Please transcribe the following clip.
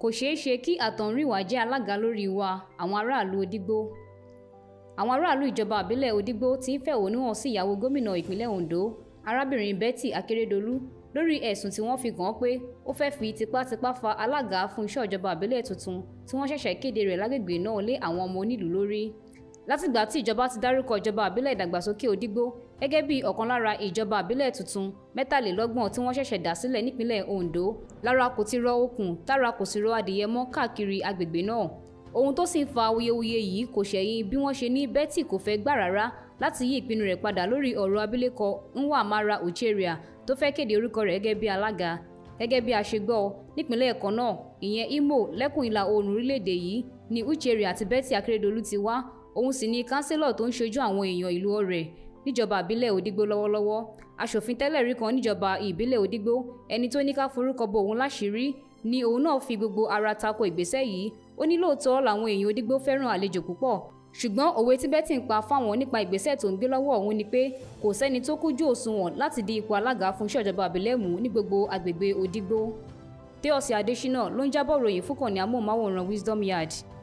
kò ṣeé ṣe kí àtọ̀húnrìnwá jẹ́ alága lórí wa àwọn aráàlú Òdìgbò àwọn aráàlú ìjọba àbílẹ̀ Òdìgbò ti ń fẹ̀hónú hàn sí ìyàwó gómìnà ìpínlẹ̀ Ondo arábìnrin Betty Akeredolu lórí ẹ̀sùn tí wọ́n fi kàn án pé ó fẹ́ fi tipátipá fa alága fún iṣẹ́ ìjọba àbílẹ̀ tuntun tí wọ́n ṣẹ̀ṣẹ̀ kéde rẹ̀ lágbègbè náà lé àwọn ọmọ onílùú lórí látìgbà tí ìjọba ti dárúkọ ìjọba àbílẹ̀ ìdàgbàsókè Òdìgbò gẹ́gẹ́ bí ọ̀kan lára ìjọba àbílẹ̀ tuntun mẹ́tàlélọ́gbọ̀n tí wọ́n ṣẹ̀ṣẹ̀ dá sílẹ̀ nípínlẹ̀ Ondo lára kò ti rọ okùn tára kò sì rọ adìyẹ mọ́ káàkiri agbègbè náà ohun tó sì ń fa awuyewuye yìí kò ṣẹ̀yìn bí wọ́n ṣe ní Betty kò fẹ́ gbà rárá láti yí ìpinnu rẹ̀ padà lórí ọ̀rọ̀ abilékọ Nwaamara Ucheria tó fẹ́ kéde orúkọ rẹ̀ gẹ́gẹ́ bí alága gẹ́gẹ́ bí a ṣe gbọ́ nípínlẹ̀ ẹ̀kọ́ náà ìyẹn Imo lẹ́kùn ìlà oòrùn orílẹ̀-èdè yìí ni Ucheria àti Betty Akeredolu ti wá òun sì ni kánsílọ̀ tó ń ṣojú àwọn èèyàn ìlú ọ̀rẹ́ níjọba ìbílẹ̀ òdígbò lọ́wọ́lọ́wọ́ aṣòfin tẹ́lẹ̀ rí kan níjọba ìbílẹ̀ òdígbò ẹni tó ní ká forúkọ bo òun láṣìírí ni òun náà fi gbogbo ara tako ìgbésẹ̀ yìí ó ní lóòótọ́ làwọn èèyàn òdígbò fẹ́ràn àlejò púpọ̀ ṣùgbọ́n òwe tí Betty ń pa fáwọn nípa ìgbésẹ̀ tó ń gbé lọ́wọ́ òun ni pé kò sẹ́ni tó kújú òṣùwọ̀n láti di ipò alága fún ìṣèjọba àbílẹ̀ mú ní gbogbo àgbègbè òdígbò Tóyọ̀sí Adéṣínà ló ń jábọ̀ ròyìn fúnkàn amóhùnmáwòrán Wisdom Yard